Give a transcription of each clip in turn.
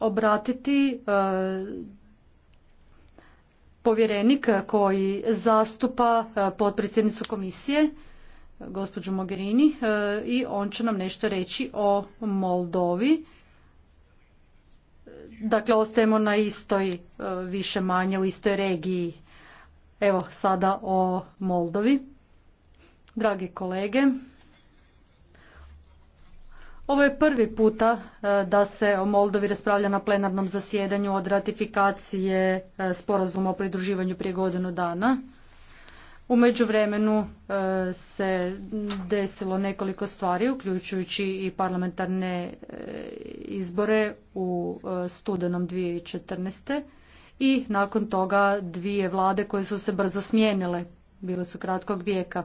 obratiti e, povjerenik koji zastupa e, potpredsjednicu komisije e, gospođu Mogherini i on će nam nešto reći o Moldovi. Dakle, ostajemo na istoj, više manje u istoj regiji. Evo sada o Moldovi. Dragi kolege, ovo je prvi puta e, da se o Moldovi raspravlja na plenarnom zasjedanju od ratifikacije e, sporazuma o pridruživanju prije godinu dana. U međuvremenu e, se desilo nekoliko stvari, uključujući i parlamentarne izbore u studenom 2014. I nakon toga dvije vlade koje su se brzo smijenile, bile su kratkog vijeka.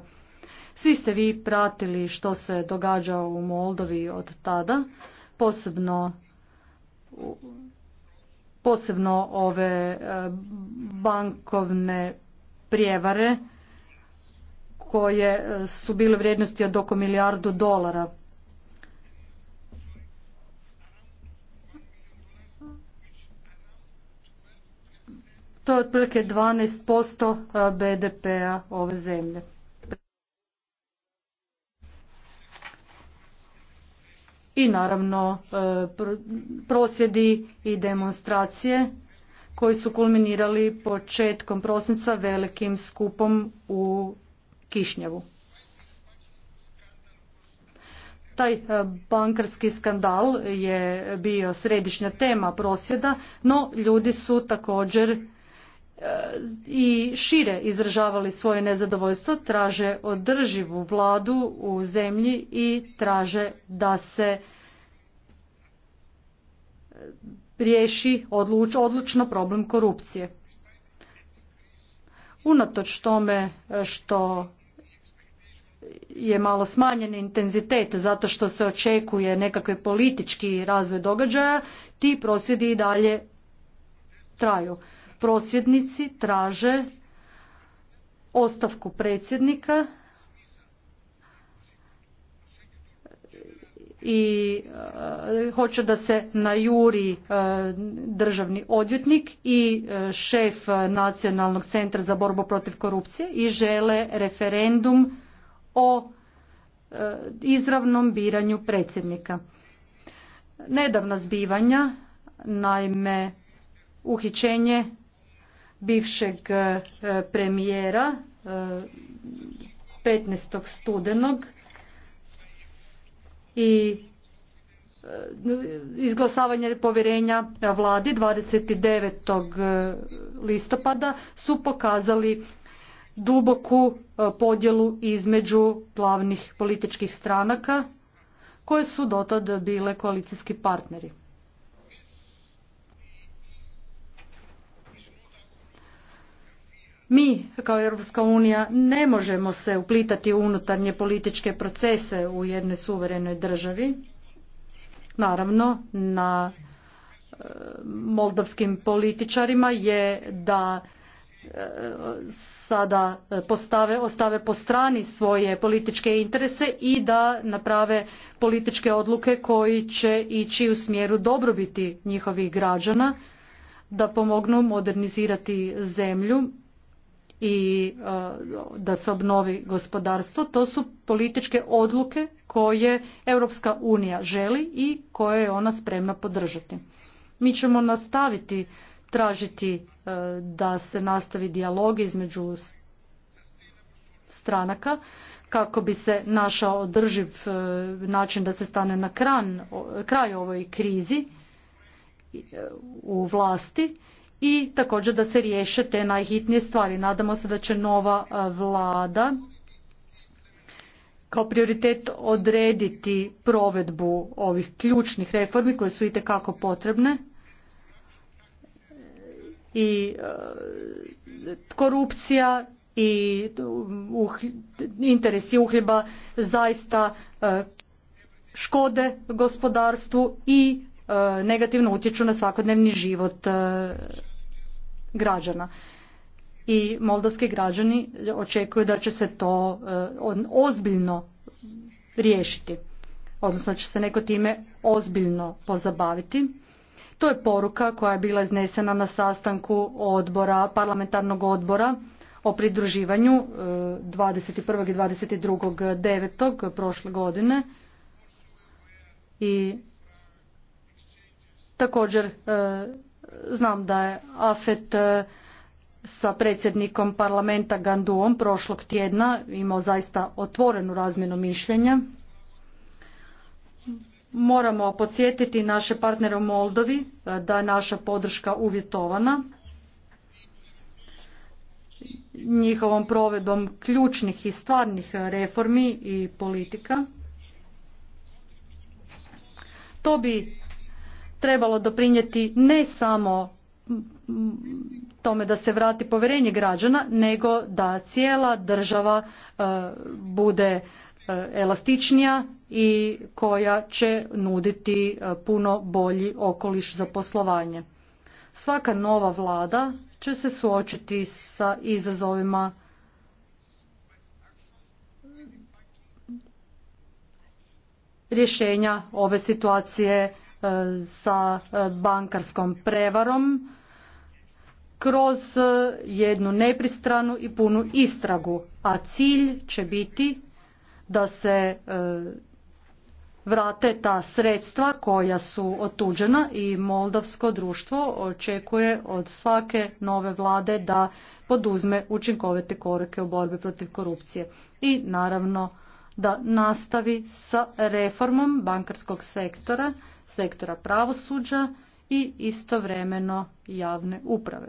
Svi ste vi pratili što se događa u Moldovi od tada, posebno posebno ove e, bankovne prijevare koje e, su bile vrijednosti od oko milijardu dolara. To je otprilike 12% e, BDP-a ove zemlje. i naravno e, prosvjedi i demonstracije koji su kulminirali početkom prosinca velikim skupom u Kišnjevu. Taj e, bankarski skandal je bio središnja tema prosvjeda, no ljudi su također i šire izražavali svoje nezadovoljstvo, traže održivu vladu u zemlji i traže da se e, riješi odlučno problem korupcije. Unatoč tome što je malo smanjen intenzitet zato što se očekuje nekakve politički razvoj događaja, ti prosvjedi i dalje traju prosvjednici traže ostavku predsjednika i e, hoće da se najuri e, državni odvjetnik i e, šef Nacionalnog centra za borbu protiv korupcije i žele referendum o izravnom biranju predsjednika. Nedavna zbivanja, naime uhićenje bivšeg e, premijera 15. E, studenog i e, izglasavanje povjerenja vladi 29. listopada su pokazali duboku podjelu između glavnih političkih stranaka koje su dotad bile koalicijski partneri. Mi kao Europska unija ne možemo se uplitati u unutarnje političke procese u jednoj suverenoj državi. Naravno, na e, moldavskim političarima je da e, sada postave, ostave po strani svoje političke interese i da naprave političke odluke koji će ići u smjeru dobrobiti njihovih građana, da pomognu modernizirati zemlju i e, da se obnovi gospodarstvo. To su političke odluke koje Europska unija želi i koje je ona spremna podržati. Mi ćemo nastaviti tražiti e, da se nastavi dijalog između stranaka kako bi se našao održiv e, način da se stane na kraj ovoj krizi u vlasti i također da se riješe te najhitnije stvari. Nadamo se da će nova e, vlada kao prioritet odrediti provedbu ovih ključnih reformi koje su i kako potrebne i e, korupcija i e, interesi uhljeba zaista škode gospodarstvu i negativno utječu na svakodnevni život građana. I moldavski građani očekuju da će se to eh, ozbiljno riješiti, odnosno da će se neko time ozbiljno pozabaviti. To je poruka koja je bila iznesena na sastanku odbora, parlamentarnog odbora o pridruživanju 21. Eh, i devetog prošle godine i također eh, znam da je AFET e, sa predsjednikom parlamenta Ganduom prošlog tjedna imao zaista otvorenu razmjenu mišljenja. Moramo podsjetiti naše partnere u Moldovi e, da je naša podrška uvjetovana njihovom provedbom ključnih i stvarnih reformi i politika. To bi trebalo doprinijeti ne samo tome da se vrati povjerenje građana, nego da cijela država e, bude e, elastičnija i koja će nuditi e, puno bolji okoliš za poslovanje. Svaka nova vlada će se suočiti sa izazovima rješenja ove situacije sa e, bankarskom prevarom kroz e, jednu nepristranu i punu istragu, a cilj će biti da se e, vrate ta sredstva koja su otuđena i moldavsko društvo očekuje od svake nove vlade da poduzme učinkovite korake u borbi protiv korupcije. I naravno da nastavi sa reformom bankarskog sektora, sektora pravosuđa i istovremeno javne uprave.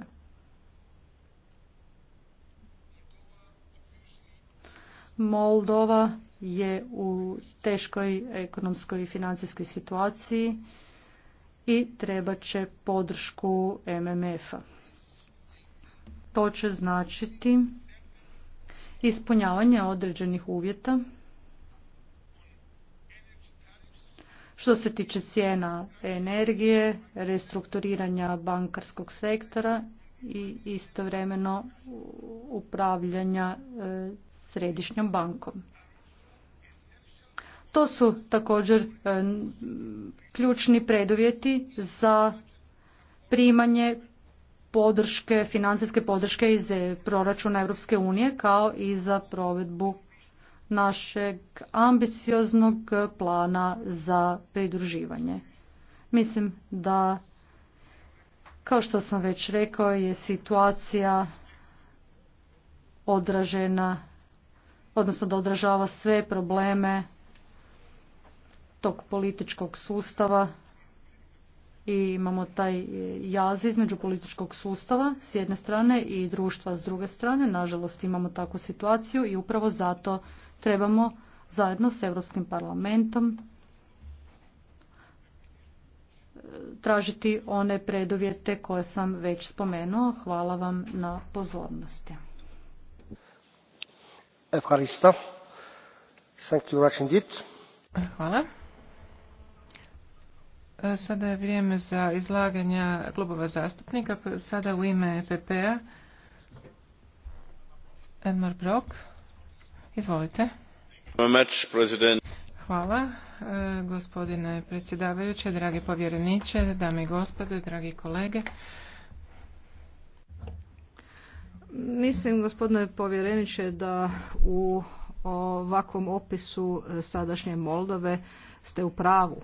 Moldova je u teškoj ekonomskoj i financijskoj situaciji i treba će podršku MMF-a. To će značiti ispunjavanje određenih uvjeta Što se tiče cijena energije, restrukturiranja bankarskog sektora i istovremeno upravljanja e, središnjom bankom. To su također e, ključni preduvjeti za primanje podrške, financijske podrške iz e, proračuna Europske unije kao i za provedbu našeg ambicioznog plana za pridruživanje. Mislim da, kao što sam već rekao, je situacija odražena, odnosno da odražava sve probleme tog političkog sustava i imamo taj jaz između političkog sustava s jedne strane i društva s druge strane. Nažalost imamo takvu situaciju i upravo zato trebamo zajedno s Europskim parlamentom e, tražiti one preduvjete koje sam već spomenuo. Hvala vam na pozornosti. Hvala. E, sada je vrijeme za izlaganja klubova zastupnika. Sada u ime EPP-a Edmar Brock. Izvolite. Hvala, e, gospodine predsjedavajuće, dragi povjereniče, dame i gospode, dragi kolege. Mislim, gospodine povjereniče, da u ovakvom opisu e, sadašnje Moldove ste u pravu.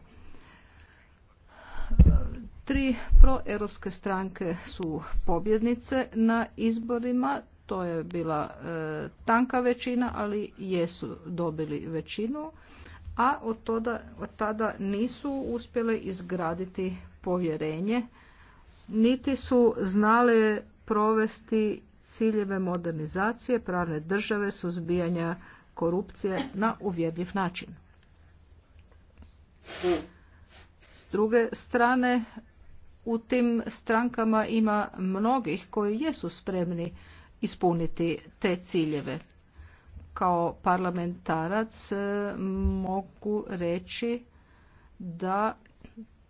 Tri proeuropske stranke su pobjednice na izborima to je bila e, tanka većina, ali jesu dobili većinu, a od, od tada nisu uspjele izgraditi povjerenje, niti su znale provesti ciljeve modernizacije pravne države, suzbijanja korupcije na uvjedljiv način. S druge strane, u tim strankama ima mnogih koji jesu spremni ispuniti te ciljeve. Kao parlamentarac e, mogu reći da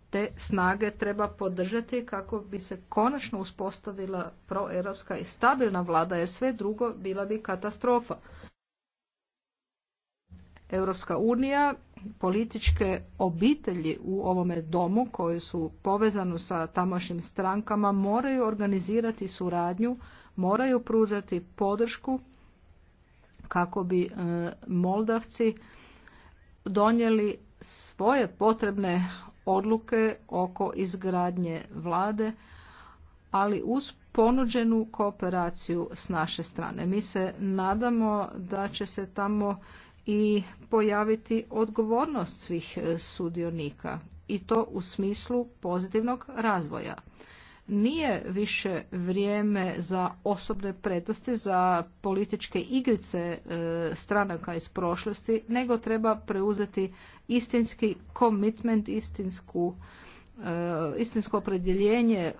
te snage treba podržati kako bi se konačno uspostavila proeuropska i stabilna vlada, jer sve drugo bila bi katastrofa. Europska unija političke obitelji u ovome domu koje su povezane sa tamošnjim strankama moraju organizirati suradnju, moraju pružati podršku kako bi e, Moldavci donijeli svoje potrebne odluke oko izgradnje vlade, ali uz ponuđenu kooperaciju s naše strane. Mi se nadamo da će se tamo i pojaviti odgovornost svih e, sudionika i to u smislu pozitivnog razvoja. Nije više vrijeme za osobne prednosti, za političke igrice e, stranaka iz prošlosti, nego treba preuzeti istinski komitment, istinsku E, istinsko opredjeljenje e,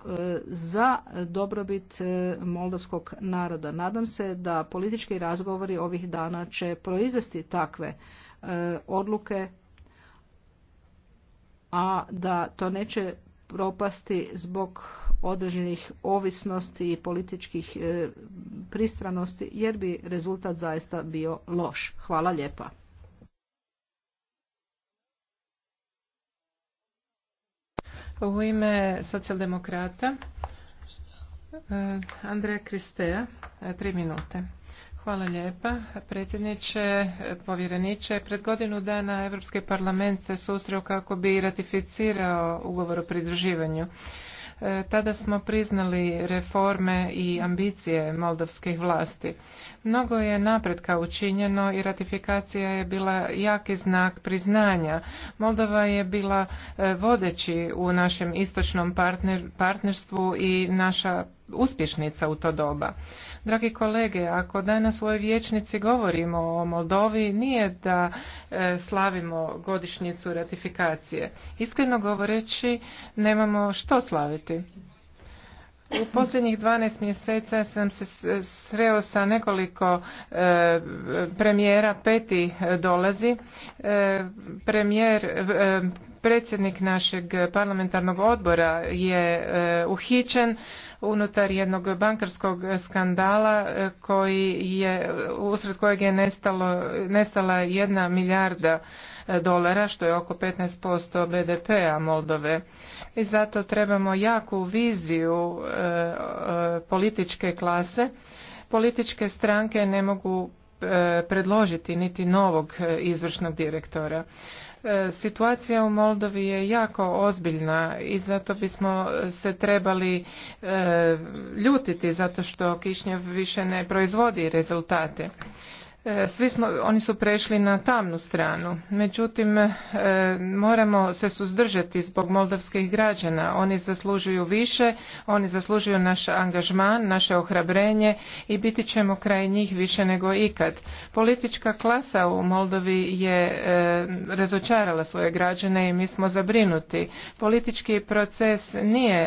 za dobrobit e, moldovskog naroda. Nadam se da politički razgovori ovih dana će proizvesti takve odluke, a da to neće propasti zbog određenih ovisnosti i političkih pristranosti, jer bi rezultat zaista bio loš. Hvala lijepa. U ime socijaldemokrata e, Andreja Kristeja, e, tri minute. Hvala lijepa. Predsjedniče, povjereniče, pred godinu dana Europski parlament se susreo kako bi ratificirao ugovor o pridruživanju tada smo priznali reforme i ambicije moldovskih vlasti. Mnogo je napretka učinjeno i ratifikacija je bila jaki znak priznanja. Moldova je bila e, vodeći u našem istočnom partnerstvu i naša uspješnica u to doba. Dragi kolege, ako danas u ovoj vječnici govorimo o Moldovi, nije da e, slavimo godišnjicu ratifikacije. Iskreno govoreći, nemamo što slaviti. U posljednjih 12 mjeseca sam se sreo sa nekoliko e, premijera, peti dolazi. E, premijer, predsjednik našeg parlamentarnog odbora je uhićen unutar jednog bankarskog skandala e, koji je, usred kojeg je nestalo, nestala jedna milijarda e, dolara, što je oko 15% BDP-a Moldove. I zato trebamo jaku viziju e, političke klase. Političke stranke ne mogu predložiti niti novog izvršnog direktora. E, situacija u Moldovi je jako ozbiljna i zato bismo se trebali e, ljutiti zato što Kišnjev više ne proizvodi rezultate. E, svi smo, oni su prešli na tamnu stranu. Međutim, e, moramo se suzdržati zbog moldavskih građana. Oni zaslužuju više, oni zaslužuju naš angažman, naše ohrabrenje i biti ćemo kraj njih više nego ikad. Politička klasa u Moldovi je e, razočarala svoje građane i mi smo zabrinuti. Politički proces nije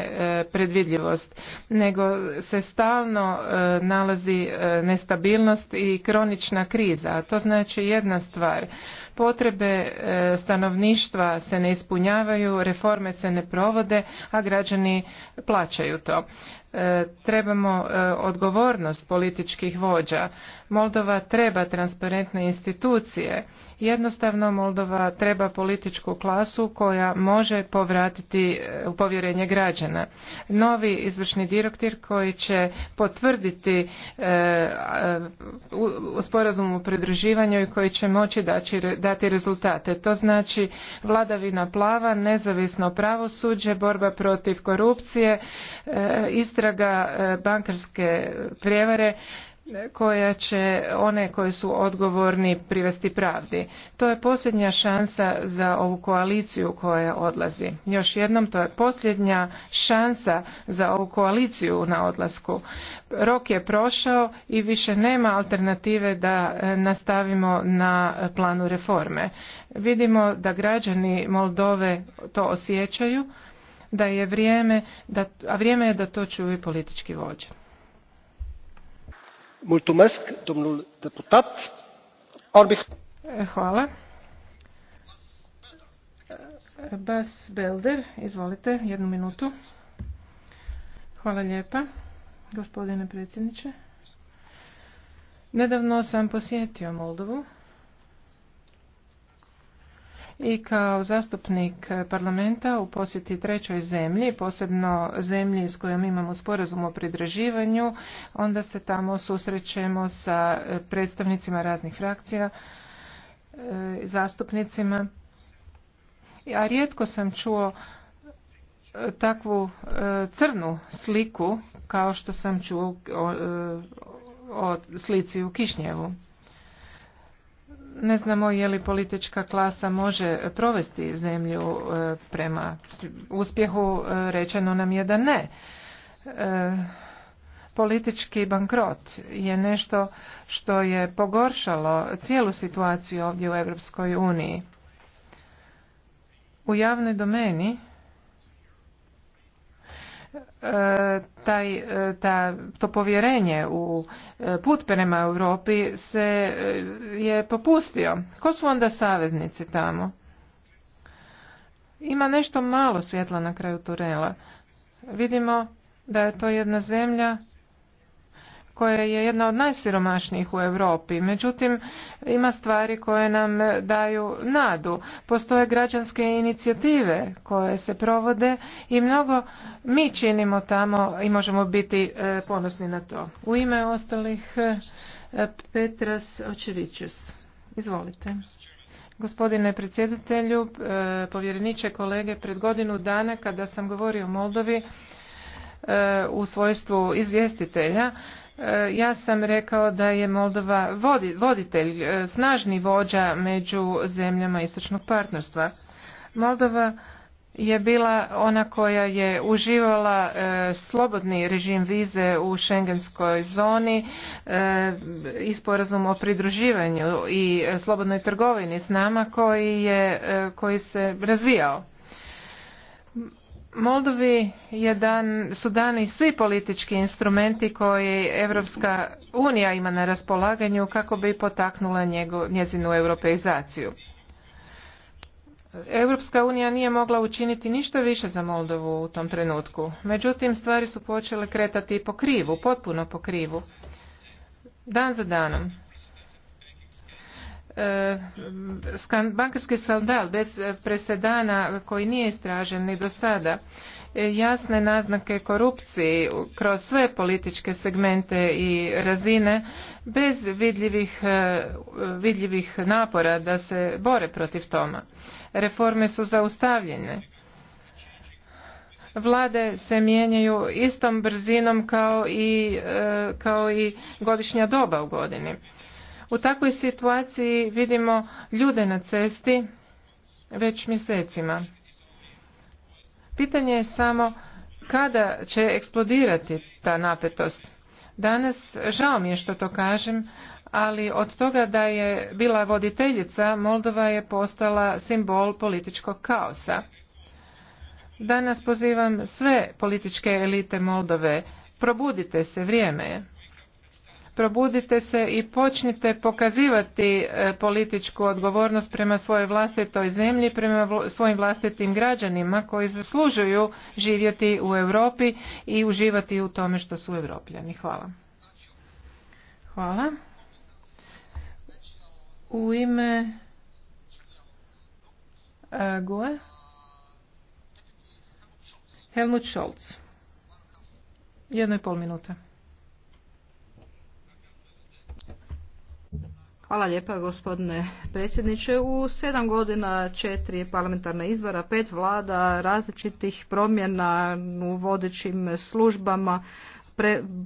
predvidljivost, nego se stalno nalazi nestabilnost i kronična kriza. To znači jedna stvar. Potrebe e, stanovništva se ne ispunjavaju, reforme se ne provode, a građani plaćaju to. E, trebamo e, odgovornost političkih vođa. Moldova treba transparentne institucije Jednostavno Moldova treba političku klasu koja može povratiti e, povjerenje građana. Novi izvršni direktor koji će potvrditi e, sporazum o pridruživanju i koji će moći dati rezultate. To znači vladavina plava, nezavisno pravosuđe, borba protiv korupcije, e, istraga bankarske prijevare koja će one koji su odgovorni privesti pravdi. To je posljednja šansa za ovu koaliciju koja odlazi. Još jednom, to je posljednja šansa za ovu koaliciju na odlasku. Rok je prošao i više nema alternative da e, nastavimo na planu reforme. Vidimo da građani Moldove to osjećaju, da je vrijeme, a vrijeme je da to čuju i politički vođe. E, hvala. E, Bas Belder, izvolite, jednu minutu. Hvala lijepa, gospodine predsjedniče. Nedavno sam posjetio Moldovu i kao zastupnik parlamenta u posjeti trećoj zemlji, posebno zemlji s kojom imamo sporazum o pridraživanju, onda se tamo susrećemo sa predstavnicima raznih frakcija, e, zastupnicima. A rijetko sam čuo e, takvu e, crnu sliku kao što sam čuo o slici u Kišnjevu ne znamo je li politička klasa može provesti zemlju e, prema uspjehu e, rečeno nam je da ne e, politički bankrot je nešto što je pogoršalo cijelu situaciju ovdje u Europskoj uniji u javnoj domeni E, taj, e, ta, to povjerenje u e, put prema Europi se je popustio. Ko su onda saveznici tamo? Ima nešto malo svjetla na kraju Turela. Vidimo da je to jedna zemlja koja je jedna od najsiromašnijih u Europi. Međutim, ima stvari koje nam daju nadu. Postoje građanske inicijative koje se provode i mnogo mi činimo tamo i možemo biti e, ponosni na to. U ime ostalih e, Petras Očevićus. Izvolite. Gospodine predsjedatelju, e, povjereniče kolege, pred godinu dana kada sam govorio o Moldovi u svojstvu izvjestitelja, E, ja sam rekao da je Moldova voditelj, e, snažni vođa među zemljama istočnog partnerstva. Moldova je bila ona koja je uživala e, slobodni režim vize u šengenskoj zoni i sporazum o pridruživanju i slobodnoj trgovini s nama koji, je, koji se razvijao. Moldovi su dani svi politički instrumenti koji Europska unija ima na raspolaganju kako bi potaknula njezinu europeizaciju. Europska unija nije mogla učiniti ništa više za Moldovu u tom trenutku. Međutim, stvari su počele kretati po krivu, potpuno po krivu. Dan za danom. E, bankarski saldal bez e, presedana koji nije istražen ni do sada e, jasne naznake korupciji kroz sve političke segmente i razine bez vidljivih, vidljivih napora da se bore protiv toma. Reforme su zaustavljene. Vlade se mijenjaju istom brzinom kao i, kao i godišnja doba u godini u takvoj situaciji vidimo ljude na cesti već mjesecima. Pitanje je samo kada će eksplodirati ta napetost. Danas, žao mi je što to kažem, ali od toga da je bila voditeljica, Moldova je postala simbol političkog kaosa. Danas pozivam sve političke elite Moldove, probudite se, vrijeme je probudite se i počnite pokazivati e, političku odgovornost prema svojoj vlastitoj zemlji, prema svojim vlastitim građanima koji zaslužuju živjeti u Europi i uživati u tome što su europljani. Hvala. Hvala. U ime e, Gue Helmut Scholz. Jedno i pol minuta. Hvala lijepa gospodine predsjedniče. U sedam godina četiri parlamentarna izbora, pet vlada, različitih promjena u vodećim službama,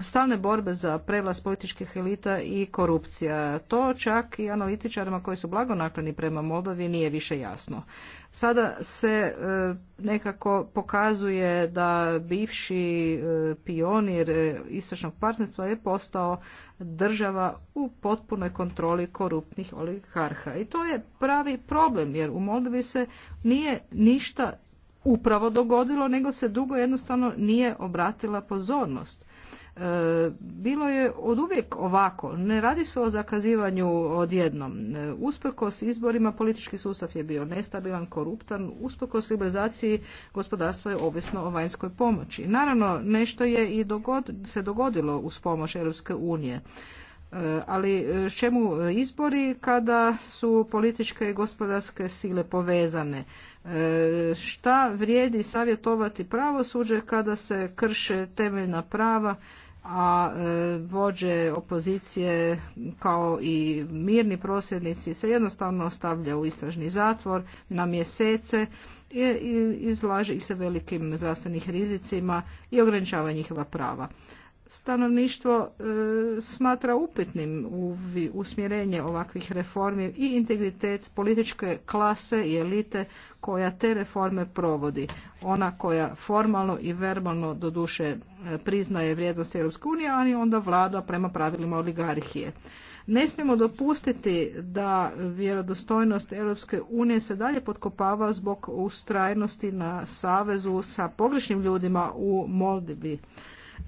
stalne borbe za prevlast političkih elita i korupcija. To čak i analitičarima koji su blagonakloni prema Moldovi nije više jasno. Sada se e, nekako pokazuje da bivši e, pionir e, istočnog partnerstva je postao država u potpunoj kontroli korupnih oligarha. I to je pravi problem jer u Moldovi se nije ništa upravo dogodilo, nego se dugo jednostavno nije obratila pozornost. E, bilo je od uvijek ovako. Ne radi se o zakazivanju odjednom. E, usprkos izborima politički sustav je bio nestabilan, koruptan. Usprkos liberalizaciji gospodarstvo je ovisno o vanjskoj pomoći. Naravno, nešto je i dogod, se dogodilo uz pomoć Europske unije. Ali e, čemu izbori kada su političke i gospodarske sile povezane? E, šta vrijedi savjetovati pravosuđe kada se krše temeljna prava, a e, vođe opozicije kao i mirni prosvjednici se jednostavno ostavlja u istražni zatvor na mjesece i izlaže ih se velikim zdravstvenim rizicima i ograničava njihova prava stanovništvo e, smatra upitnim u usmjerenje ovakvih reformi i integritet političke klase i elite koja te reforme provodi. Ona koja formalno i verbalno doduše e, priznaje vrijednost Europske unije, ali onda vlada prema pravilima oligarhije. Ne smijemo dopustiti da vjerodostojnost Europske unije se dalje potkopava zbog ustrajnosti na savezu sa pogrešnim ljudima u Moldivi.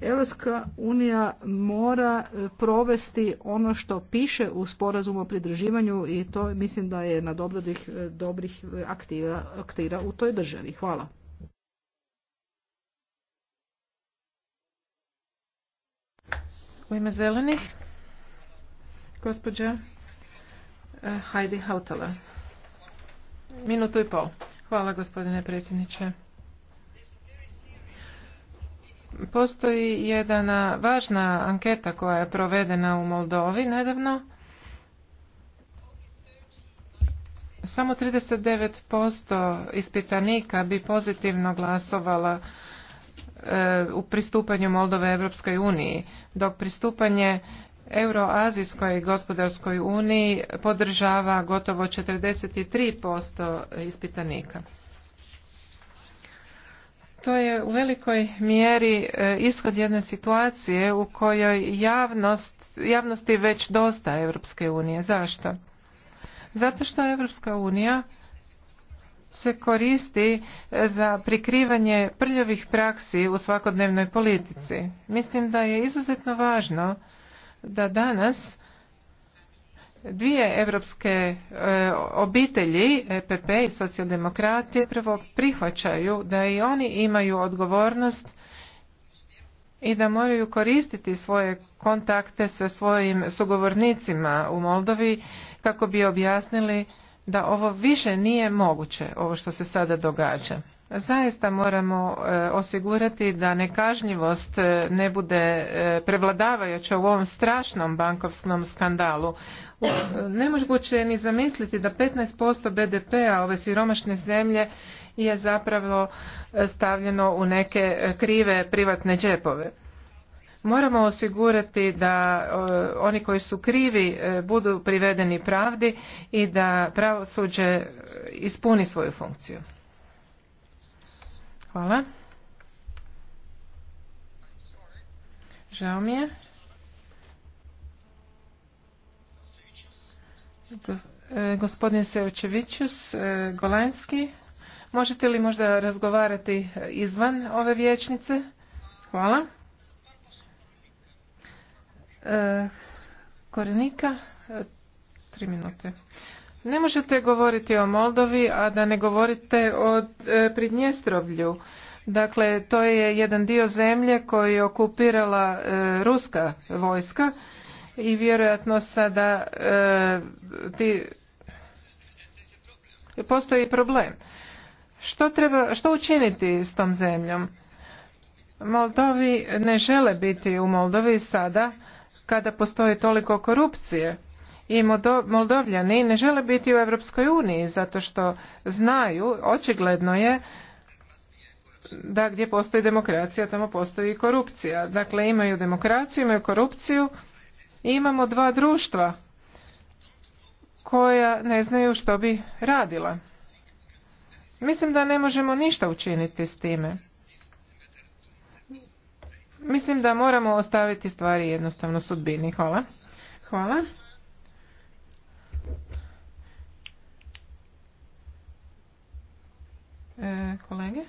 Europska unija mora e, provesti ono što piše u sporazumu o pridruživanju i to mislim da je na e, dobrih, dobrih e, aktiva, aktira u toj državi. Hvala. U ime zelenih, gospođa Heidi Hautala. Minutu i pol. Hvala gospodine predsjedniče. Postoji jedna važna anketa koja je provedena u Moldovi nedavno. Samo 39% ispitanika bi pozitivno glasovala e, u pristupanju Moldove Europskoj uniji, dok pristupanje Euroazijskoj gospodarskoj uniji podržava gotovo 43% ispitanika. To je u velikoj mjeri e, ishod jedne situacije u kojoj javnost, javnosti već dosta Europske unije. Zašto? Zato što Europska unija se koristi e, za prikrivanje prljavih praksi u svakodnevnoj politici. Mislim da je izuzetno važno da danas Dvije evropske e, obitelji, EPP i socijaldemokrati, prvo prihvaćaju da i oni imaju odgovornost i da moraju koristiti svoje kontakte sa svojim sugovornicima u Moldovi kako bi objasnili da ovo više nije moguće, ovo što se sada događa. Zaista moramo e, osigurati da nekažnjivost e, ne bude e, prevladavajuća u ovom strašnom bankovskom skandalu. Nemoguće je ni zamisliti da 15% BDP-a ove siromašne zemlje je zapravo stavljeno u neke krive privatne džepove. Moramo osigurati da oni koji su krivi budu privedeni pravdi i da pravosuđe ispuni svoju funkciju. Hvala. Žao mi je. E, gospodin Seočevićus, e, Golanski, možete li možda razgovarati e, izvan ove vječnice? Hvala. Korenika, tri minute. Ne možete govoriti o Moldovi, a da ne govorite o e, Pridnjestrovlju. Dakle, to je jedan dio zemlje koji je okupirala e, ruska vojska i vjerojatno sada e, ti postoji problem. Što, treba, što učiniti s tom zemljom? Moldovi ne žele biti u Moldovi sada kada postoji toliko korupcije i Moldovljani ne žele biti u Europskoj uniji zato što znaju, očigledno je da gdje postoji demokracija tamo postoji i korupcija. Dakle imaju demokraciju, imaju korupciju i imamo dva društva koja ne znaju što bi radila. Mislim da ne možemo ništa učiniti s time. Mislim da moramo ostaviti stvari jednostavno sudbini. Hvala. E, kolege.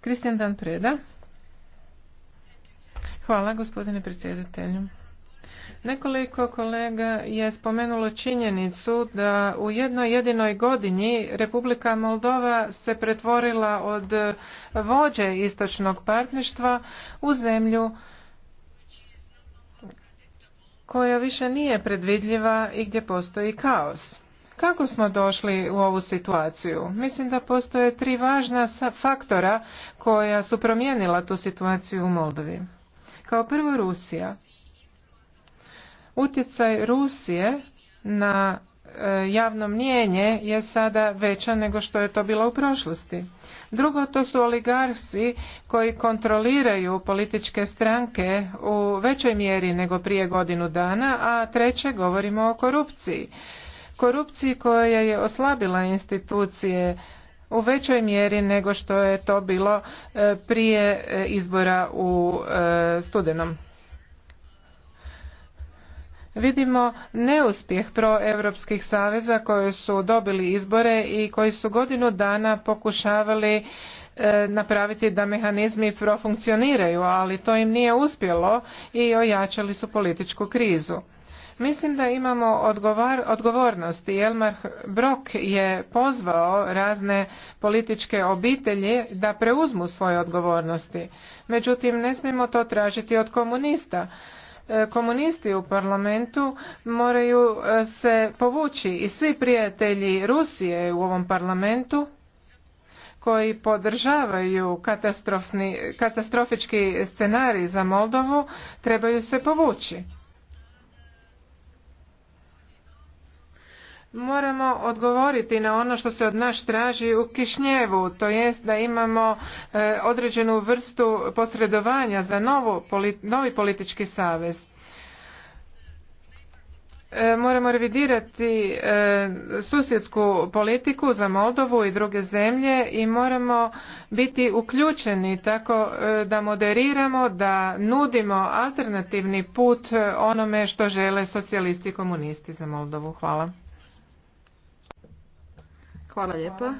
Kristijan Dan Preda. Hvala gospodine predsjedatelju. Nekoliko kolega je spomenulo činjenicu da u jednoj jedinoj godini Republika Moldova se pretvorila od vođe istočnog partnerstva u zemlju koja više nije predvidljiva i gdje postoji kaos. Kako smo došli u ovu situaciju? Mislim da postoje tri važna faktora koja su promijenila tu situaciju u Moldovi. Kao prvo Rusija. Utjecaj Rusije na e, javno mnjenje je sada veća nego što je to bilo u prošlosti. Drugo, to su oligarsi koji kontroliraju političke stranke u većoj mjeri nego prije godinu dana, a treće, govorimo o korupciji korupciji koja je oslabila institucije u većoj mjeri nego što je to bilo e, prije e, izbora u e, studenom. Vidimo neuspjeh proevropskih saveza koji su dobili izbore i koji su godinu dana pokušavali napraviti da mehanizmi profunkcioniraju, ali to im nije uspjelo i ojačali su političku krizu. Mislim da imamo odgovar, odgovornosti. Elmar Brok je pozvao razne političke obitelji da preuzmu svoje odgovornosti. Međutim, ne smijemo to tražiti od komunista e, komunisti u parlamentu moraju e, se povući i svi prijatelji Rusije u ovom parlamentu koji podržavaju katastrofički scenarij za Moldovu trebaju se povući. Moramo odgovoriti na ono što se od nas traži u Kišnjevu, to jest da imamo e, određenu vrstu posredovanja za novi politički savez. E, moramo revidirati e, susjedsku politiku za Moldovu i druge zemlje i moramo biti uključeni tako e, da moderiramo, da nudimo alternativni put onome što žele socijalisti i komunisti za Moldovu. Hvala. Hvala lijepa.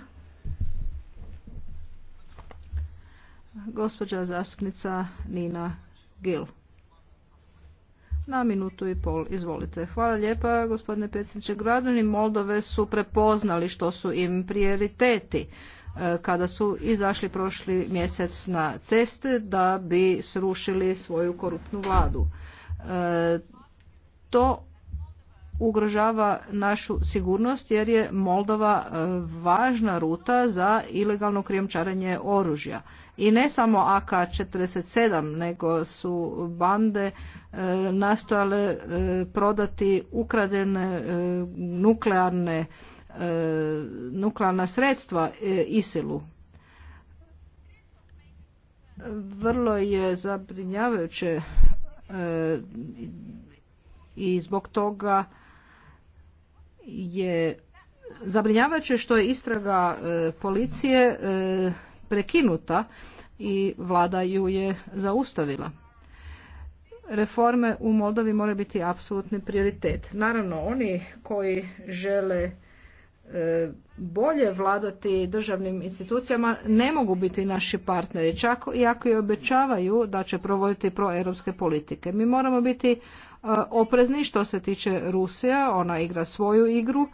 Gospođa zastupnica Nina Gil. Na minutu i pol, izvolite. Hvala lijepa, gospodine predsjedniče. Građani Moldove su prepoznali što su im prioriteti e, kada su izašli prošli mjesec na ceste da bi srušili svoju korupnu vladu. E, to ugrožava našu sigurnost jer je Moldova e, važna ruta za ilegalno krijemčaranje oružja. I ne samo AK-47, nego su bande e, nastojale e, prodati ukradene nuklearne nuklearna sredstva Isilu. Vrlo je zabrinjavajuće i zbog toga je zabrinjavajuće što je istraga e, policije e, prekinuta i vlada ju je zaustavila. Reforme u Moldavi moraju biti apsolutni prioritet. Naravno, oni koji žele e, bolje vladati državnim institucijama ne mogu biti naši partneri, čak i ako i obećavaju da će provoditi proeuropske politike. Mi moramo biti oprezni što se tiče Rusija, ona igra svoju igru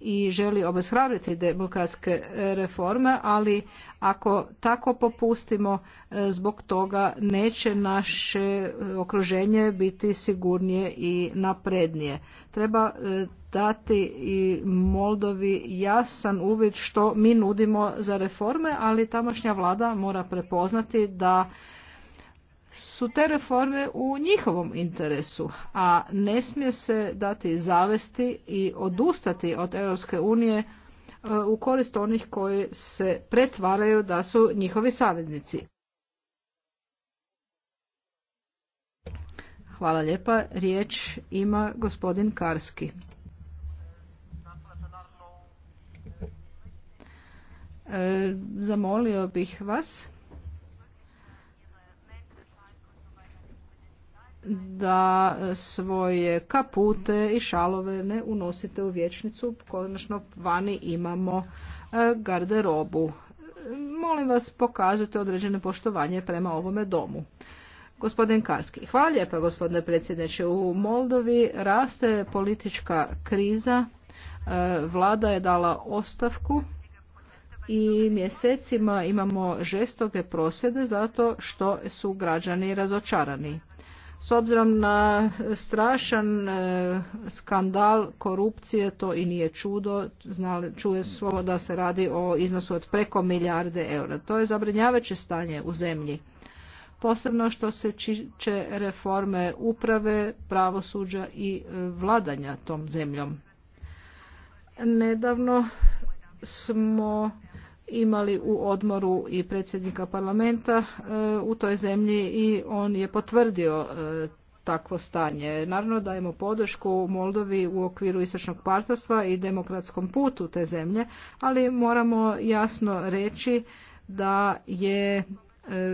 i želi obeshrabriti demokratske reforme, ali ako tako popustimo e, zbog toga neće naše e, okruženje biti sigurnije i naprednije. Treba e, dati i Moldovi jasan uvid što mi nudimo za reforme, ali tamošnja vlada mora prepoznati da su te reforme u njihovom interesu, a ne smije se dati zavesti i odustati od Europske unije e, u korist onih koji se pretvaraju da su njihovi saveznici. Hvala lijepa. Riječ ima gospodin Karski. E, zamolio bih vas da svoje kapute i šalove ne unosite u vječnicu, konačno vani imamo e, garderobu. Molim vas pokazujte određene poštovanje prema ovome domu. Gospodin Karski, hvala lijepa gospodine predsjedniče. U Moldovi raste politička kriza, e, vlada je dala ostavku i mjesecima imamo žestoke prosvjede zato što su građani razočarani. S obzirom na strašan e, skandal korupcije, to i nije čudo, znali, čuje slovo da se radi o iznosu od preko milijarde eura. To je zabrinjavajuće stanje u zemlji. Posebno što se čiče reforme uprave, pravosuđa i e, vladanja tom zemljom. Nedavno smo imali u odmoru i predsjednika parlamenta e, u toj zemlji i on je potvrdio e, takvo stanje. Naravno dajemo podršku Moldovi u okviru istočnog partnerstva i demokratskom putu te zemlje, ali moramo jasno reći da je e,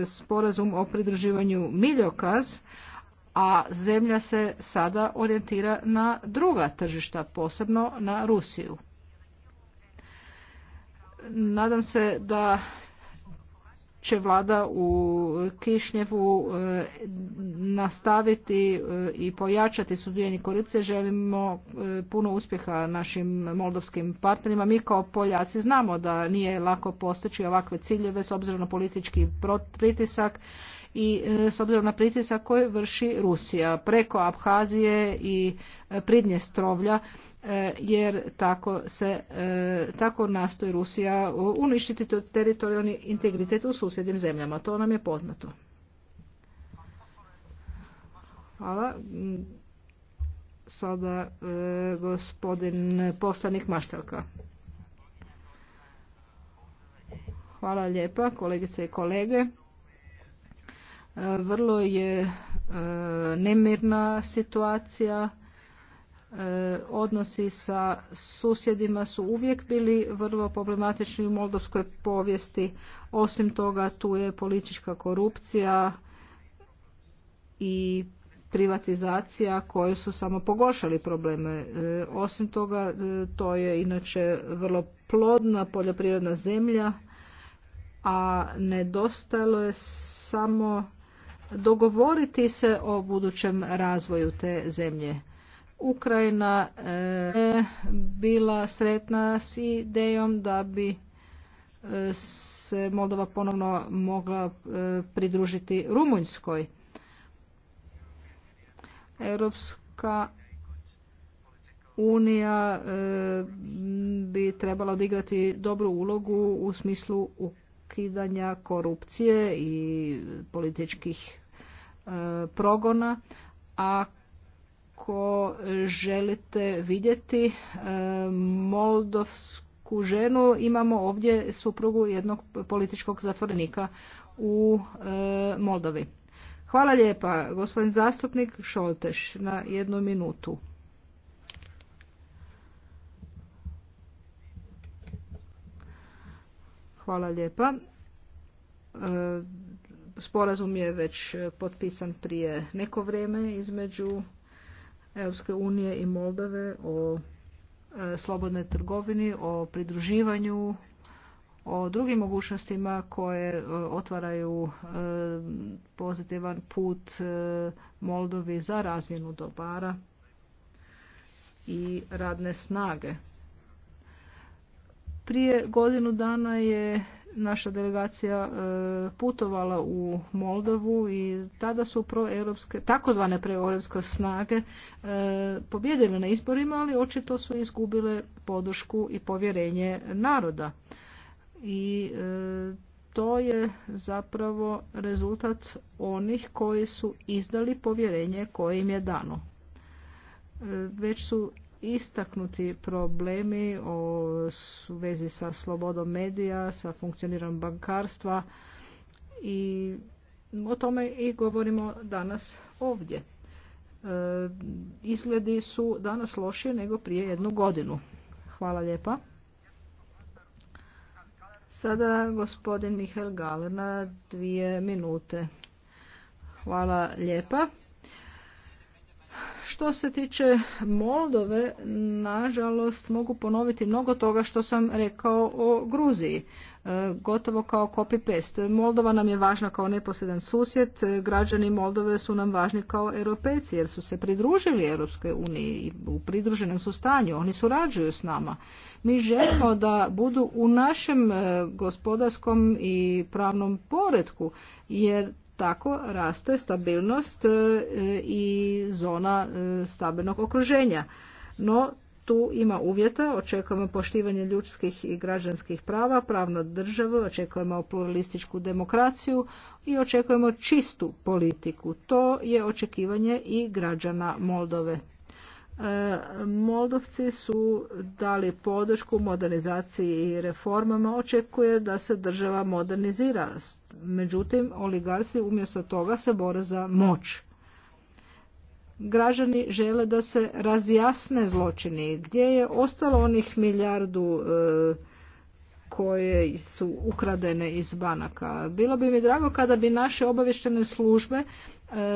sporazum o pridruživanju miljokaz, a zemlja se sada orijentira na druga tržišta, posebno na Rusiju nadam se da će vlada u Kišnjevu e, nastaviti e, i pojačati suzbijanje korupcije. Želimo e, puno uspjeha našim moldovskim partnerima. Mi kao Poljaci znamo da nije lako postići ovakve ciljeve s obzirom na politički pritisak i s obzirom na pritisak koji vrši Rusija preko Abhazije i pridnje Strovlja. E, jer tako se e, tako nastoji Rusija uništiti teritorijalni integritet u susjednim zemljama. To nam je poznato. Hvala. Mm, sada e, gospodin poslanik Maštelka. Hvala lijepa kolegice i kolege. Vrlo je nemirna situacija E, odnosi sa susjedima su uvijek bili vrlo problematični u moldovskoj povijesti. Osim toga tu je politička korupcija i privatizacija koje su samo pogoršali probleme. E, osim toga e, to je inače vrlo plodna poljoprivredna zemlja, a nedostalo je samo dogovoriti se o budućem razvoju te zemlje Ukrajina je bila sretna s idejom da bi e, se Moldova ponovno mogla e, pridružiti Rumunjskoj. Europska unija e, bi trebala odigrati dobru ulogu u smislu ukidanja korupcije i političkih progona, a ako želite vidjeti e, moldovsku ženu, imamo ovdje suprugu jednog političkog zatvorenika u e, Moldovi. Hvala lijepa, gospodin zastupnik Šolteš, na jednu minutu. Hvala lijepa. E, sporazum je već potpisan prije neko vrijeme između Europske unije i Moldave o e, slobodnoj trgovini, o pridruživanju, o drugim mogućnostima koje e, otvaraju e, pozitivan put Moldovi za razmjenu dobara i radne snage. Prije godinu dana je naša delegacija e, putovala u Moldovu i tada su proeuropske, takozvane proeuropske snage e, pobjedile na izborima, ali očito su izgubile podršku i povjerenje naroda. I e, to je zapravo rezultat onih koji su izdali povjerenje koje im je dano. Već su istaknuti problemi u vezi sa slobodom medija, sa funkcioniranjem bankarstva i o tome i govorimo danas ovdje. E, izgledi su danas lošije nego prije jednu godinu. Hvala lijepa. Sada gospodin Mihael Galena dvije minute. Hvala lijepa. Što se tiče Moldove, nažalost mogu ponoviti mnogo toga što sam rekao o Gruziji, e, gotovo kao copy-paste. Moldova nam je važna kao neposredan susjed, e, građani Moldove su nam važni kao europeci jer su se pridružili Europskoj uniji u pridruženom su stanju, oni surađuju s nama. Mi želimo da budu u našem e, gospodarskom i pravnom poredku jer tako raste stabilnost e, i zona e, stabilnog okruženja. No, tu ima uvjeta, očekujemo poštivanje ljudskih i građanskih prava, pravno državu, očekujemo pluralističku demokraciju i očekujemo čistu politiku. To je očekivanje i građana Moldove. Moldovci su dali podršku modernizaciji i reformama, očekuje da se država modernizira. Međutim, oligarci umjesto toga se bore za moć. Građani žele da se razjasne zločini. Gdje je ostalo onih milijardu e, koje su ukradene iz banaka. Bilo bi mi drago kada bi naše obavještene službe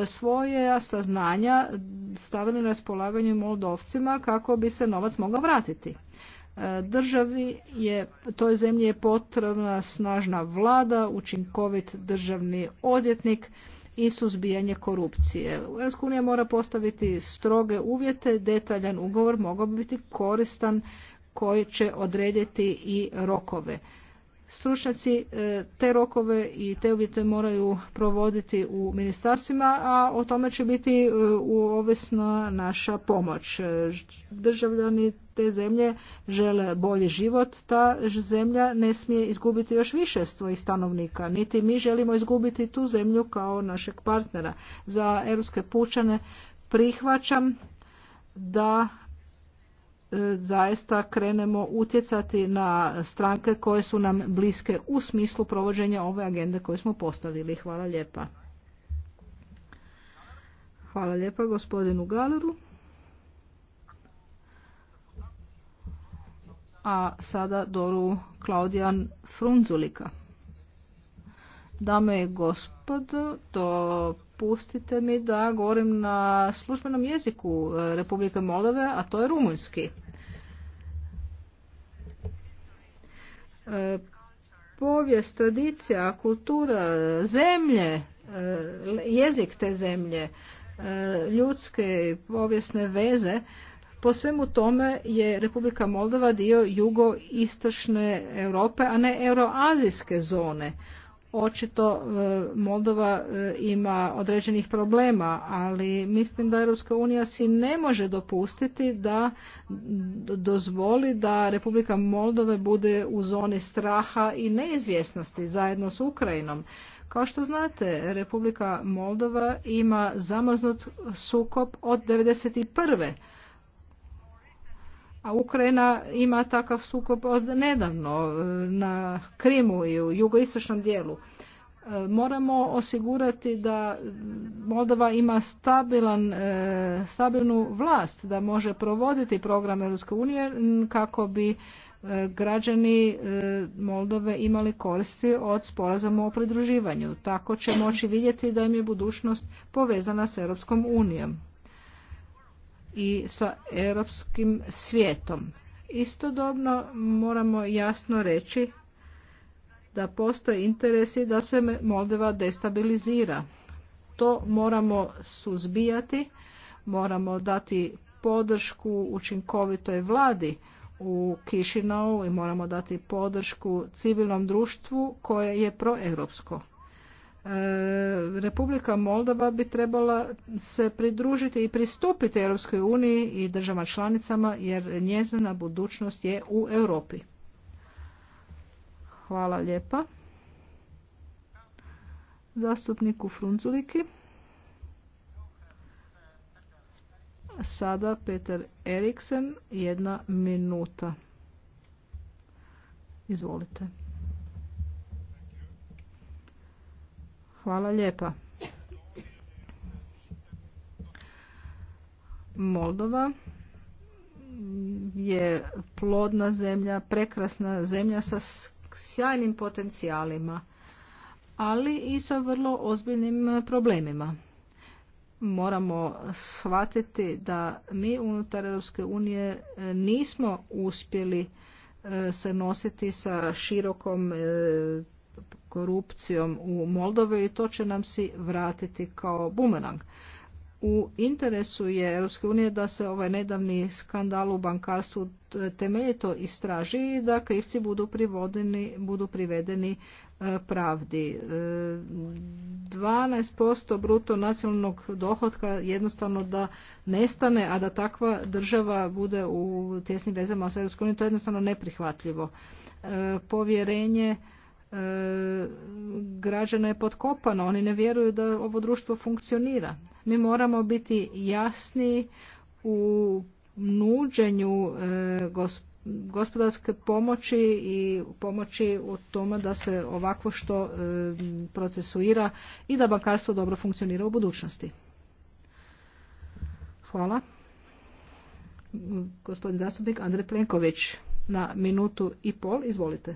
svoje saznanja stavili na raspolaganje Moldovcima kako bi se novac mogao vratiti. E, državi je, toj zemlji je potrebna snažna vlada, učinkovit državni odjetnik i suzbijanje korupcije. EU mora postaviti stroge uvjete, detaljan ugovor mogao bi biti koristan koji će odrediti i rokove stručnjaci e, te rokove i te uvjete moraju provoditi u ministarstvima, a o tome će biti e, ovisna naša pomoć. E, državljani te zemlje žele bolji život, ta zemlja ne smije izgubiti još više svojih stanovnika, niti mi želimo izgubiti tu zemlju kao našeg partnera. Za europske pučane prihvaćam da E, zaista krenemo utjecati na stranke koje su nam bliske u smislu provođenja ove agende koju smo postavili. Hvala lijepa. Hvala lijepa gospodinu Galeru. A sada Doru Klaudijan Frunzulika. Dame i gospodo, dopustite mi da govorim na službenom jeziku e, Republike Moldove, a to je rumunjski. E, povijest, tradicija, kultura, zemlje, e, jezik te zemlje, ljudske i povijesne veze, po svemu tome je Republika Moldova dio jugoistočne Europe, a ne euroazijske zone očito e, Moldova e, ima određenih problema, ali mislim da Europska unija si ne može dopustiti da dozvoli da Republika Moldove bude u zoni straha i neizvjesnosti zajedno s Ukrajinom. Kao što znate, Republika Moldova ima zamrznut sukop od 1991. A Ukrajina ima takav sukob od nedavno e, na Krimu i u jugoistočnom dijelu. E, moramo osigurati da Moldova ima stabilan, e, stabilnu vlast, da može provoditi program Europske unije kako bi građani Moldove imali koristi od sporazuma o pridruživanju. Tako će moći vidjeti da im je budućnost povezana s Europskom unijom i sa europskim svijetom. Istodobno moramo jasno reći da postoje interesi da se Moldova destabilizira. To moramo suzbijati, moramo dati podršku učinkovitoj vladi u Kišinovu i moramo dati podršku civilnom društvu koje je proeuropsko. Republika Moldova bi trebala se pridružiti i pristupiti Europskoj uniji i državama članicama jer njezina budućnost je u Europi. Hvala lijepa. Zastupniku Frunzuliki. Sada Peter Eriksen, jedna minuta. Izvolite. Hvala lijepa. Moldova je plodna zemlja, prekrasna zemlja sa sjajnim potencijalima, ali i sa vrlo ozbiljnim problemima. Moramo shvatiti da mi unutar Europske unije e, nismo uspjeli e, se nositi sa širokom e, korupcijom u Moldovi i to će nam si vratiti kao bumerang. U interesu je Europske unije da se ovaj nedavni skandal u bankarstvu temeljito istraži i da krivci budu, privodeni, budu privedeni e, pravdi. 12% e, bruto nacionalnog dohotka jednostavno da nestane, a da takva država bude u tjesnim vezama s Europskom unijom, to je jednostavno neprihvatljivo. E, povjerenje E, građana je potkopano, oni ne vjeruju da ovo društvo funkcionira. Mi moramo biti jasni u nuđenju e, gospodarske pomoći i pomoći u tome da se ovako što e, procesuira i da bankarstvo dobro funkcionira u budućnosti. Hvala. Gospodin zastupnik Andrej Plenković na minutu i pol. Izvolite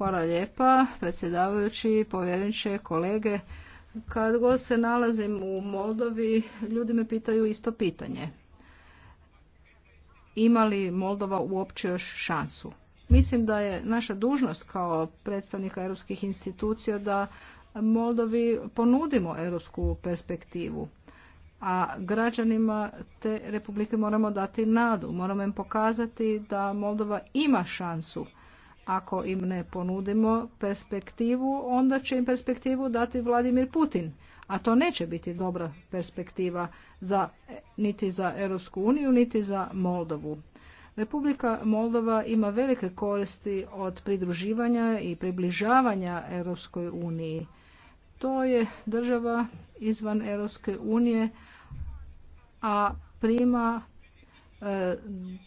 Hvala lijepa, predsjedavajući, povjereniče, kolege. Kad god se nalazim u Moldovi, ljudi me pitaju isto pitanje. Ima li Moldova uopće još šansu? Mislim da je naša dužnost kao predstavnika europskih institucija da Moldovi ponudimo europsku perspektivu. A građanima te republike moramo dati nadu, moramo im pokazati da Moldova ima šansu ako im ne ponudimo perspektivu, onda će im perspektivu dati Vladimir Putin. A to neće biti dobra perspektiva za, niti za Europsku uniju, niti za Moldovu. Republika Moldova ima velike koristi od pridruživanja i približavanja Europskoj uniji. To je država izvan Europske unije, a prima E,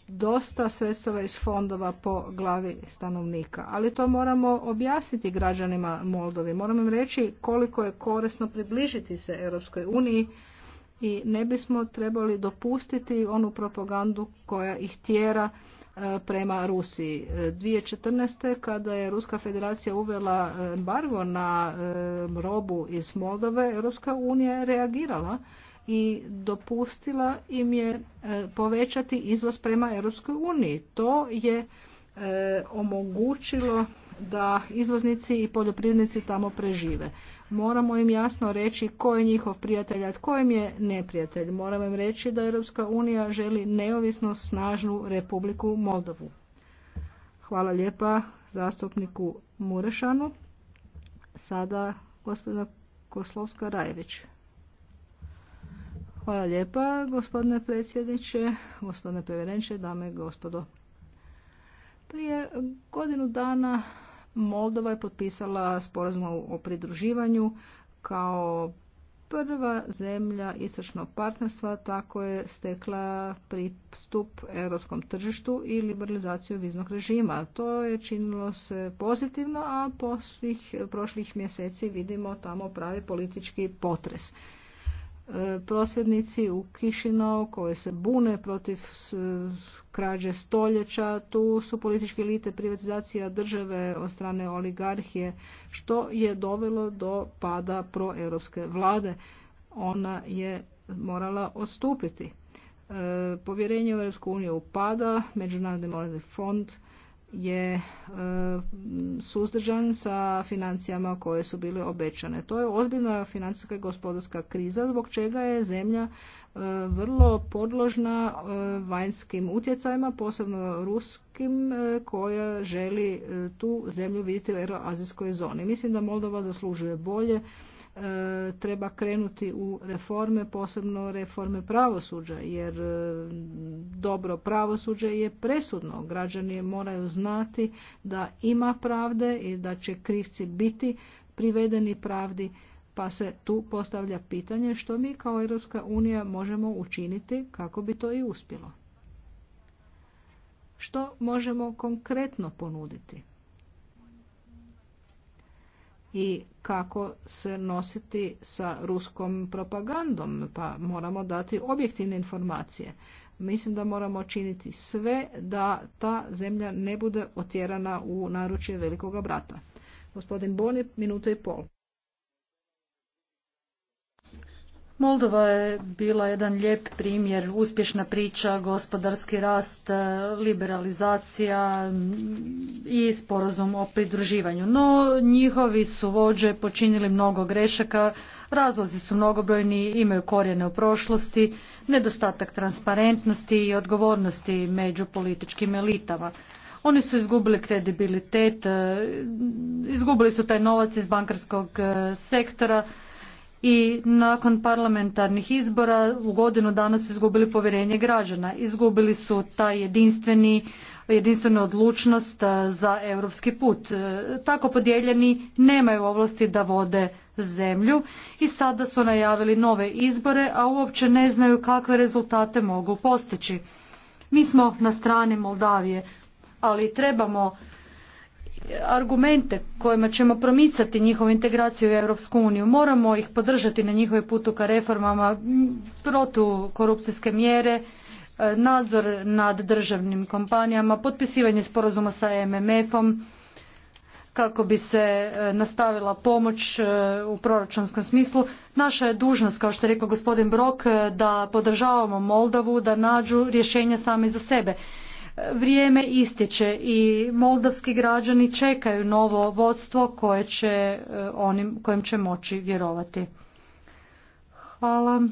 dosta sredstava iz fondova po glavi stanovnika. Ali to moramo objasniti građanima Moldovi. Moramo im reći koliko je korisno približiti se Europskoj uniji i ne bismo trebali dopustiti onu propagandu koja ih tjera e, prema Rusiji. 2014. E, kada je Ruska federacija uvela embargo na robu iz Moldove, Europska unija je reagirala i dopustila im je e, povećati izvoz prema Europskoj uniji. To je e, omogućilo da izvoznici i poljoprivrednici tamo prežive. Moramo im jasno reći ko je njihov prijatelj, a tko im je neprijatelj. Moramo im reći da Europska unija želi neovisno snažnu Republiku Moldovu. Hvala lijepa zastupniku Murešanu. Sada gospodina Koslovska Rajević. Hvala lijepa, gospodine predsjedniče, gospodine preverenče, dame i gospodo. Prije godinu dana Moldova je potpisala sporazum o pridruživanju kao prva zemlja istočnog partnerstva tako je stekla pristup europskom tržištu i liberalizaciju viznog režima. To je činilo se pozitivno, a svih prošlih mjeseci vidimo tamo pravi politički potres. E, prosvjednici u Kišinov koje se bune protiv krađe stoljeća. Tu su političke elite, privatizacija države od strane oligarhije, što je dovelo do pada proeuropske vlade. Ona je morala odstupiti. E, povjerenje u EU upada, Međunarodni monetarni fond je e, suzdržan sa financijama koje su bile obećane. To je ozbiljna financijska i gospodarska kriza zbog čega je zemlja e, vrlo podložna e, vanjskim utjecajima, posebno ruskim koja želi tu zemlju vidjeti u euroazijskoj zoni. Mislim da Moldova zaslužuje bolje E, treba krenuti u reforme, posebno reforme pravosuđa, jer e, dobro pravosuđe je presudno. Građani moraju znati da ima pravde i da će krivci biti privedeni pravdi, pa se tu postavlja pitanje što mi kao Europska unija možemo učiniti kako bi to i uspjelo. Što možemo konkretno ponuditi? i kako se nositi sa ruskom propagandom, pa moramo dati objektivne informacije. Mislim da moramo činiti sve da ta zemlja ne bude otjerana u naručje velikog brata. Gospodin Boni, minuta i pol. Moldova je bila jedan lijep primjer, uspješna priča, gospodarski rast, e, liberalizacija i sporazum o pridruživanju. No, njihovi su vođe počinili mnogo grešaka, razlozi su mnogobrojni, imaju korijene u prošlosti, nedostatak transparentnosti i odgovornosti među političkim elitama. Oni su izgubili kredibilitet, e, izgubili su taj novac iz bankarskog e, sektora, i nakon parlamentarnih izbora u godinu dana su izgubili povjerenje građana. Izgubili su taj jedinstveni jedinstvenu odlučnost e, za europski put. E, tako podijeljeni nemaju ovlasti da vode zemlju i sada su najavili nove izbore, a uopće ne znaju kakve rezultate mogu postići. Mi smo na strani Moldavije, ali trebamo argumente kojima ćemo promicati njihovu integraciju u Europsku uniju. Moramo ih podržati na njihove putu ka reformama, protukorupcijske mjere, e, nadzor nad državnim kompanijama, potpisivanje sporazuma sa MMF-om kako bi se e, nastavila pomoć e, u proračunskom smislu. Naša je dužnost, kao što je rekao gospodin Brok, da podržavamo Moldavu, da nađu rješenja same za sebe. Vrijeme ističe i moldavski građani čekaju novo vodstvo koje će eh, onim kojem će moći vjerovati. Hvala.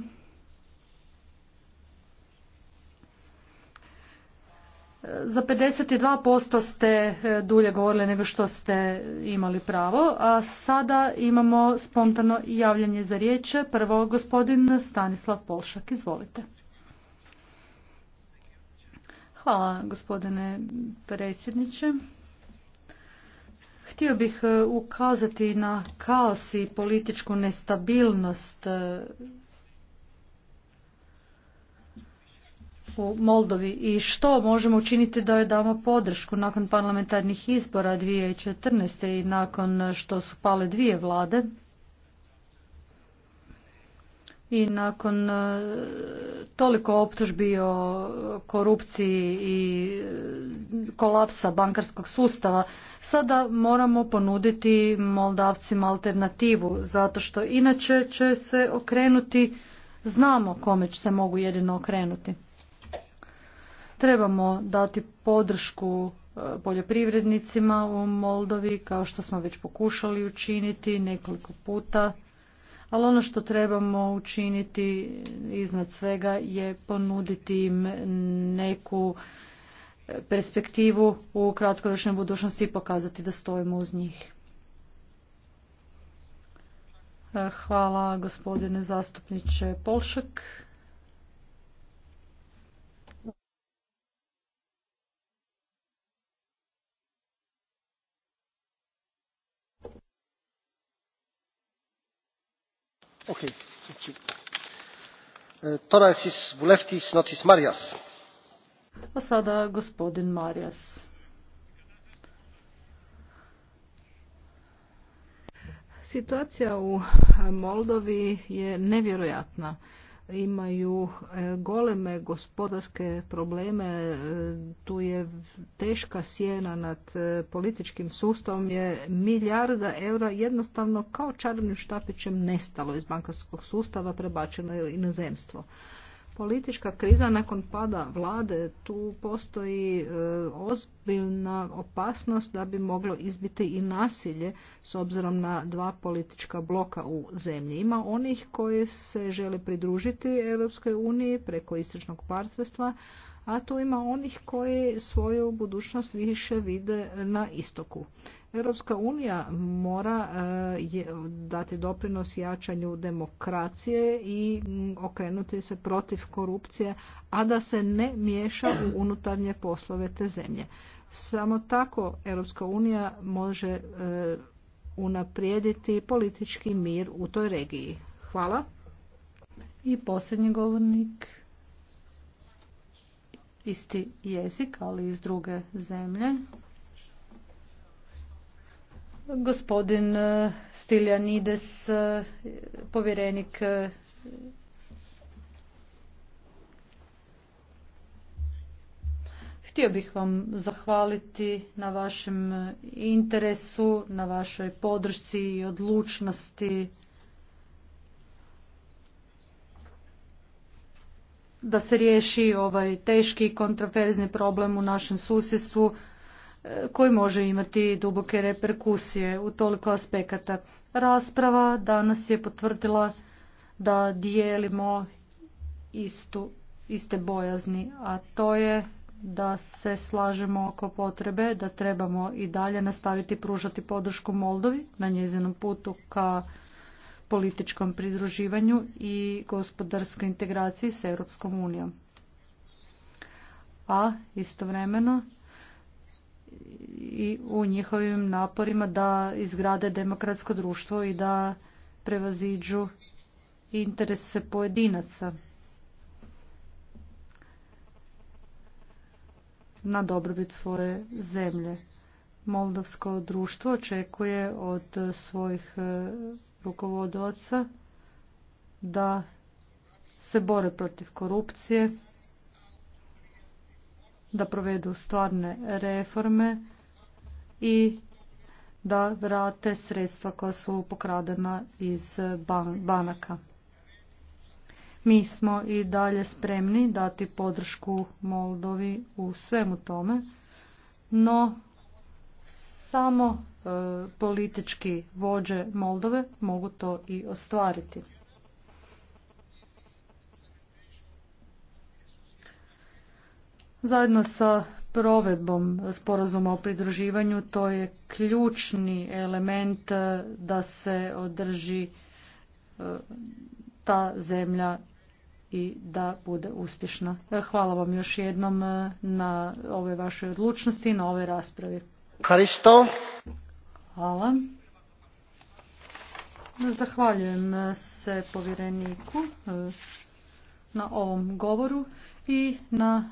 Za 52% ste eh, dulje govorili nego što ste imali pravo, a sada imamo spontano javljanje za riječ. Prvo gospodin Stanislav Polšak, izvolite. Hvala gospodine predsjedniče. Htio bih e, ukazati na kaos i političku nestabilnost e, u Moldovi i što možemo učiniti da joj damo podršku nakon parlamentarnih izbora 2014. i nakon što su pale dvije vlade i nakon e, toliko optužbi o korupciji i e, kolapsa bankarskog sustava, sada moramo ponuditi Moldavcima alternativu, zato što inače će se okrenuti, znamo kome će se mogu jedino okrenuti. Trebamo dati podršku e, poljoprivrednicima u Moldovi, kao što smo već pokušali učiniti nekoliko puta ali ono što trebamo učiniti iznad svega je ponuditi im neku perspektivu u kratkoročnoj budućnosti i pokazati da stojimo uz njih. Hvala gospodine zastupniče Polšak. Okay, thank you. Uh, Torasis Vuleftis Notis Marijas. A sada gospodin Marijas. Situacija u Moldovi je nevjerojatna imaju e, goleme gospodarske probleme, e, tu je teška sjena nad e, političkim sustavom, je milijarda eura jednostavno kao čarobnim štapićem nestalo iz bankarskog sustava, prebačeno je u inozemstvo politička kriza nakon pada vlade, tu postoji e, ozbiljna opasnost da bi moglo izbiti i nasilje s obzirom na dva politička bloka u zemlji. Ima onih koji se žele pridružiti Europskoj uniji preko istočnog partnerstva, a tu ima onih koji svoju budućnost više vide na istoku Europska unija mora e, dati doprinos jačanju demokracije i okrenuti se protiv korupcije, a da se ne miješa u unutarnje poslove te zemlje. Samo tako Europska unija može e, unaprijediti politički mir u toj regiji. Hvala. I posljednji govornik. Isti jezik, ali iz druge zemlje. Gospodin e, Stiljanides, e, povjerenik e, Htio bih vam zahvaliti na vašem interesu, na vašoj podršci i odlučnosti da se riješi ovaj teški i problem u našem susjedstvu koji može imati duboke reperkusije u toliko aspekata. Rasprava danas je potvrdila da dijelimo istu, iste bojazni, a to je da se slažemo oko potrebe da trebamo i dalje nastaviti pružati podršku Moldovi na njezinom putu ka političkom pridruživanju i gospodarskoj integraciji s Europskom unijom. A istovremeno i u njihovim naporima da izgrade demokratsko društvo i da prevaziđu interese pojedinaca na dobrobit svoje zemlje. Moldovsko društvo očekuje od svojih e, rukovodovaca da se bore protiv korupcije da provedu stvarne reforme i da vrate sredstva koja su pokradena iz banaka. Mi smo i dalje spremni dati podršku Moldovi u svemu tome, no samo e, politički vođe Moldove mogu to i ostvariti. Zajedno sa provedbom sporazuma o pridruživanju to je ključni element eh, da se održi eh, ta zemlja i da bude uspješna. Eh, hvala vam još jednom na ovoj vašoj odlučnosti i na ovoj raspravi. Hvala. Zahvaljujem se povjereniku na ovom govoru i na